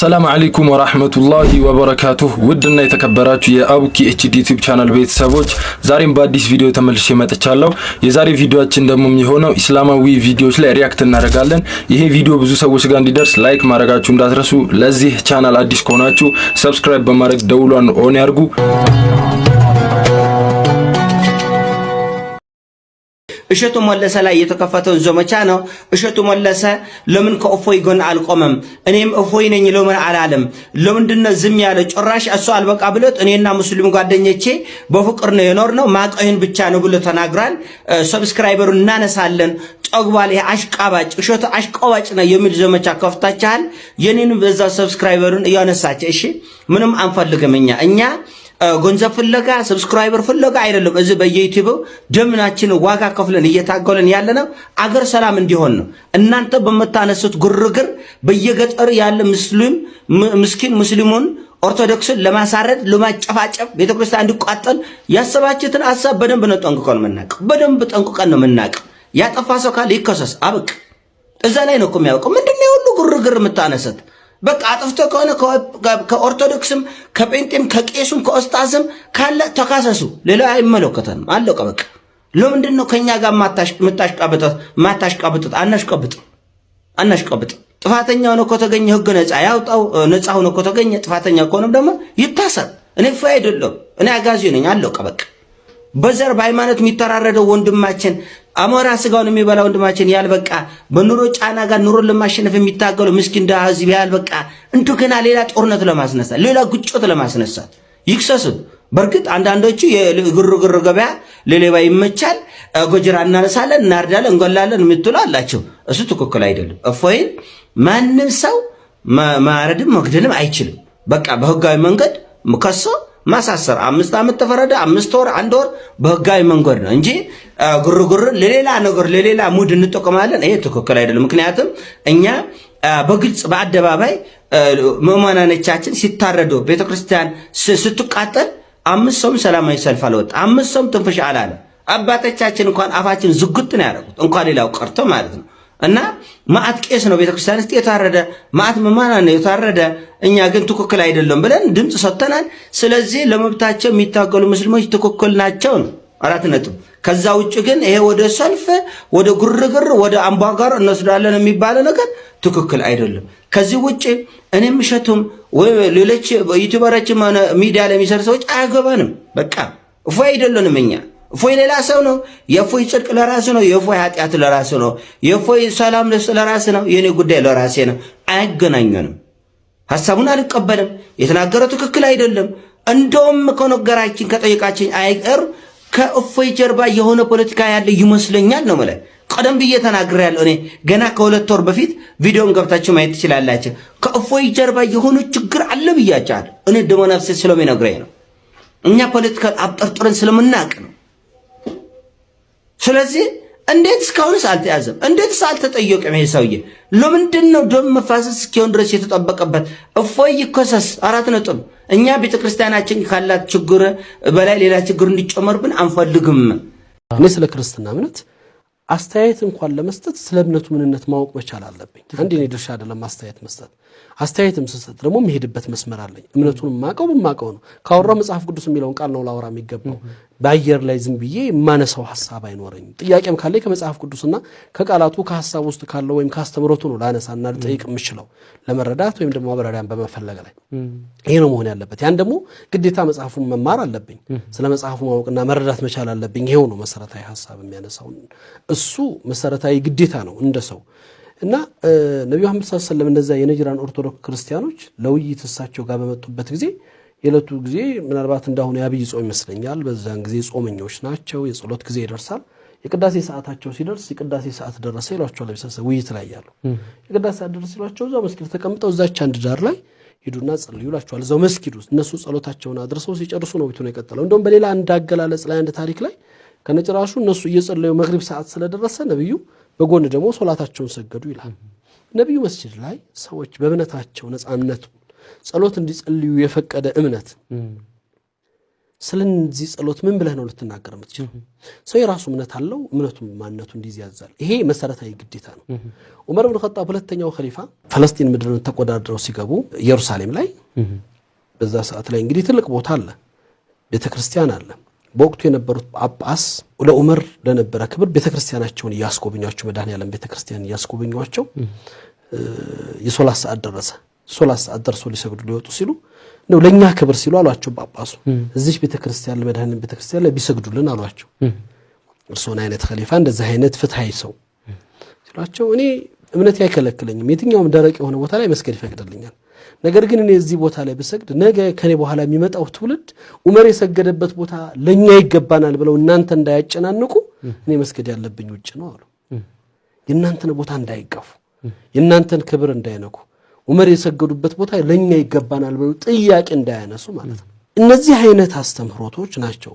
ሰላም አለይኩም ወራህመቱላሂ ወበረካቱሁ ውድና የተከበራችሁ የአቡኪ ኤችዲ ዩቲዩብ ቻናል ቤተሰቦች ዛሬም በአዲስ ቪዲዮ ተመልሼ መጥቻለሁ። የዛሬ ቪዲዮአችን ደግሞ የሚሆነው ኢስላማዊ ቪዲዮዎች ላይ ሪያክት እናደርጋለን። ይሄ ቪዲዮ ብዙ ሰዎች ጋር እንዲደርስ ላይክ ማድረጋችሁ እንዳትረሱ። ለዚህ ቻናል አዲስ ከሆናችሁ ሰብስክራይብ በማድረግ ደውሏን ኦን ያድርጉ። እሸቱ መለሰ ላይ የተከፈተውን ዘመቻ ነው። እሸቱ መለሰ ለምን ከእፎይ ጎን አልቆመም? እኔም እፎይ ነኝ ለምን አላለም? ለምንድነው ዝም ያለ? ጭራሽ እሱ አልበቃ ብሎት እኔና ሙስሊም ጓደኞቼ በፍቅር ነው የኖር ነው ማቀይን ብቻ ነው ብሎ ተናግራል። ሰብስክራይበሩ እናነሳለን። ጦግባል አሽቃባጭ እሸቱ አሽቃባጭ ነው የሚል ዘመቻ ከፍታችኋል። የኔንም በዛ ሰብስክራይበሩን እያነሳች እሺ፣ ምንም አንፈልግም እኛ እኛ ገንዘብ ፍለጋ ሰብስክራይበር ፍለጋ አይደለም። እዚህ በየዩቲዩብ ደምናችን ዋጋ ከፍለን እየታገለን ያለነው አገር ሰላም እንዲሆን ነው። እናንተ በምታነሱት ግርግር በየገጠር ያለ ሙስሊም ምስኪን ሙስሊሙን ኦርቶዶክስን ለማሳረድ ለማጨፋጨፍ ቤተክርስቲያን እንዲቋጠል ያሰባችሁትን ሀሳብ በደንብ ነው ጠንቅቀን የምናውቅ። በደንብ ጠንቅቀን ነው የምናውቅ። ያጠፋ ሰው ካለ ይከሰስ። አብቅ እዛ ላይ ነው እኮ የሚያውቀው። ምንድነው የሁሉ ግርግር የምታነሰት በቃ አጥፍቶ ከሆነ ከኦርቶዶክስም ከጴንጤም ከቄሱም ከኦስታዝም ካለ ተካሰሱ። ሌላ አይመለከተንም። አለቀ በቃ። ለምንድን ነው ከኛ ጋር ማታሽቃብጡት? አናሽቃብጥ አናሽቃብጥ። ጥፋተኛ ሆኖ ከተገኘ ህግ ነፃ ያውጣው። ነፃ ሆኖ ከተገኘ ጥፋተኛ ከሆነም ደግሞ ይታሰር። እኔ ፋ አይደለም እኔ አጋዚ ነኝ። አለቀ በቃ። በዘር በሃይማኖት የሚተራረደው ወንድማችን አሞራ ስጋውን የሚበላ ወንድማችን ያልበቃ በኑሮ ጫና ጋር ኑሮን ለማሸነፍ የሚታገሉ ምስኪን ድሃ ህዝብ ያልበቃ እንቱ ገና ሌላ ጦርነት ለማስነሳት ሌላ ግጭት ለማስነሳት ይክሰሱ። በእርግጥ አንዳንዶቹ የግርግር ገበያ ለሌባ ይመቻል፣ ጎጅራ እናነሳለን፣ እናርዳለን፣ እንጎላለን የምትሉ አላቸው። እሱ ትክክል አይደለም። እፎይን ማንም ሰው ማረድም መግደልም አይችልም። በቃ በህጋዊ መንገድ ከሶ ማሳሰር አምስት ዓመት ተፈረደ አምስት ወር አንድ ወር በህጋዊ መንገድ ነው እንጂ ግርግር ለሌላ ነገር ለሌላ ሙድ እንጠቀማለን። ይሄ ትክክል አይደለም። ምክንያቱም እኛ በግልጽ በአደባባይ ምዕመናኖቻችን ሲታረዱ ቤተክርስቲያን ስትቃጠል አምስት ሰውም ሰላማዊ ሰልፍ አልወጣ፣ አምስት ሰውም ትንፍሽ አላለ። አባቶቻችን እንኳን አፋችን ዝጉት ነው ያደረጉት እንኳን ሌላው ቀርቶ ማለት ነው። እና ማዕት ቄስ ነው ቤተክርስቲያን ውስጥ የታረደ ማዕት መማና ነው የታረደ። እኛ ግን ትክክል አይደለም ብለን ድምፅ ሰጥተናል። ስለዚህ ለመብታቸው የሚታገሉ ሙስሊሞች ትክክል ናቸው ነው አራት ነጥብ። ከዛ ውጭ ግን ይሄ ወደ ሰልፍ፣ ወደ ግርግር፣ ወደ አምባጓሮ እንወስዳለን የሚባለው ነገር ትክክል አይደለም። ከዚህ ውጭ እኔም እሸቱም ወይ ሌሎች ዩቲዩበሮችም ሆነ ሚዲያ ለሚሰሩ ሰዎች አያገባንም። በቃ እፎ አይደለንም እኛ እፎይ ሌላ ሰው ነው። የእፎይ ጽድቅ ለራስ ነው። የእፎይ ኃጢአት ለራስ ነው። የእፎይ ሰላም ለራስ ነው። የእኔ ጉዳይ ለራሴ ነው። አይገናኘንም። ሐሳቡን አልቀበልም። የተናገረው ትክክል አይደለም። እንደውም ከነገራችን ከጠየቃችን አይቀር ከእፎይ ጀርባ የሆነ ፖለቲካ ያለ ይመስለኛል ነው ማለት ቀደም ብዬ ያለው እኔ ገና ከሁለት ወር በፊት ቪዲዮን ገብታችሁ ማየት ትችላላችሁ። ከእፎይ ጀርባ የሆነ ችግር አለ ብያችኋል። እኔ ደሞ ነፍሴ ስለሚነግረኝ ነው። እኛ ፖለቲካ አብጠርጥረን ስለምናቅ ነው። ስለዚህ እንዴት እስካሁንስ አልተያዘም? እንዴትስ አልተጠየቀም? ይሄ ሰውዬ ለምንድን ነው ደም መፋሰስ እስኪሆን ድረስ የተጠበቀበት? እፎይ ይኮሰስ አራት ነጥብ። እኛ ቤተክርስቲያናችን ካላት ችግር በላይ ሌላ ችግር እንዲጨመርብን አንፈልግም። እኔ ስለ ክርስትና እምነት አስተያየት እንኳን ለመስጠት ስለ እምነቱ ምንነት ማወቅ መቻል አለብኝ። አንድ የኔ ድርሻ አይደለም አስተያየት መስጠት። አስተያየትም ስሰጥ ደግሞ የሚሄድበት መስመር አለኝ። እምነቱን ማቀው ብማቀው ነው ካወራው መጽሐፍ ቅዱስ የሚለውን ቃል ነው ላወራ የሚገባው በአየር ላይ ዝም ብዬ የማነሳው ሀሳብ አይኖረኝም። ጥያቄም ካለኝ ከመጽሐፍ ቅዱስና ከቃላቱ ከሀሳብ ውስጥ ካለው ወይም ከአስተምሮቱ ነው ላነሳና ልጠይቅ የምችለው ለመረዳት ወይም ደግሞ አብራሪያን በመፈለግ ላይ ይሄ ነው መሆን ያለበት። ያን ደግሞ ግዴታ መጽሐፉን መማር አለብኝ። ስለ መጽሐፉ ማወቅና መረዳት መቻል አለብኝ። ይሄው ነው መሰረታዊ ሀሳብ የሚያነሳው እሱ መሰረታዊ ግዴታ ነው እንደ ሰው እና ነቢዩ መሐመድ ሰለላሁ ዐለይሂ ወሰለም እነዚያ የነጅራን ኦርቶዶክስ ክርስቲያኖች ለውይይት እሳቸው ጋር በመጡበት ጊዜ የዕለቱ ጊዜ ምናልባት እንዳሁኑ የአብይ ጾም ይመስለኛል። በዛን ጊዜ ጾመኞች ናቸው። የጸሎት ጊዜ ይደርሳል። የቅዳሴ ሰዓታቸው ሲደርስ የቅዳሴ ሰዓት ደረሰ ይሏቸዋል። ቤተሰብ ውይይት ላይ ያሉ የቅዳሴ ሰዓት ደረሰ ይሏቸው እዛ መስጊድ ተቀምጠው እዛች አንድ ዳር ላይ ሂዱና ጸልዩ ይሏቸዋል። እዛው መስጊድ ውስጥ እነሱ ጸሎታቸውን አድርሰው ሲጨርሱ ነው ቤቱን የቀጠለው። እንደውም በሌላ አንድ አገላለጽ ላይ አንድ ታሪክ ላይ ከነጭራሹ እነሱ እየጸለዩ መግሪብ ሰዓት ስለደረሰ ነቢዩ በጎን ደግሞ ሶላታቸውን ሰገዱ ይላል። ነቢዩ መስጅድ ላይ ሰዎች በእምነታቸው ነፃነቱ ጸሎት እንዲጸልዩ የፈቀደ እምነት ስለዚህ ጸሎት ምን ብለህ ነው ልትናገር የምትችለው? ሰው የራሱ እምነት አለው። እምነቱ ማንነቱ እንዲህ ያዛል። ይሄ መሰረታዊ ግዴታ ነው። ዑመር ብን ኸጣብ ሁለተኛው ኸሊፋ ፈለስጢን ምድርን ተቆዳድረው ሲገቡ ኢየሩሳሌም ላይ በዛ ሰዓት ላይ እንግዲህ ትልቅ ቦታ አለ፣ ቤተ ክርስቲያን አለ። በወቅቱ የነበሩት ጳጳስ ለዑመር ለነበረ ክብር ቤተ ክርስቲያናቸውን እያስጎበኟቸው፣ መድኃኔዓለም ቤተ ክርስቲያን እያስጎበኟቸው የሶላት ሰዓት ደረሰ። ሶላት ሰዓት ደርሶ ሊሰግዱ ሊወጡ ሲሉ ነው ለእኛ ክብር ሲሉ አሏቸው። ጳጳሱ እዚህ ቤተክርስቲያን ለመድኃኒዓለም ቤተክርስቲያን ላይ ቢሰግዱልን አሏቸው። እርስዎን አይነት ከሊፋ እንደዚህ አይነት ፍትሐዊ ሰው ሲሏቸው እኔ እምነት አይከለክለኝም፣ የትኛውም ደረቅ የሆነ ቦታ ላይ መስገድ ይፈቅድልኛል። ነገር ግን እኔ እዚህ ቦታ ላይ ብሰግድ ነገ ከኔ በኋላ የሚመጣው ትውልድ ዑመር የሰገደበት ቦታ ለእኛ ይገባናል ብለው እናንተ እንዳያጨናንቁ እኔ መስገድ ያለብኝ ውጭ ነው አሉ። የእናንተን ቦታ እንዳይጋፉ፣ የእናንተን ክብር እንዳይነኩ ዑመር የሰገዱበት ቦታ ለእኛ ይገባናል ብለው ጥያቄ እንዳያነሱ ማለት ነው። እነዚህ አይነት አስተምህሮቶች ናቸው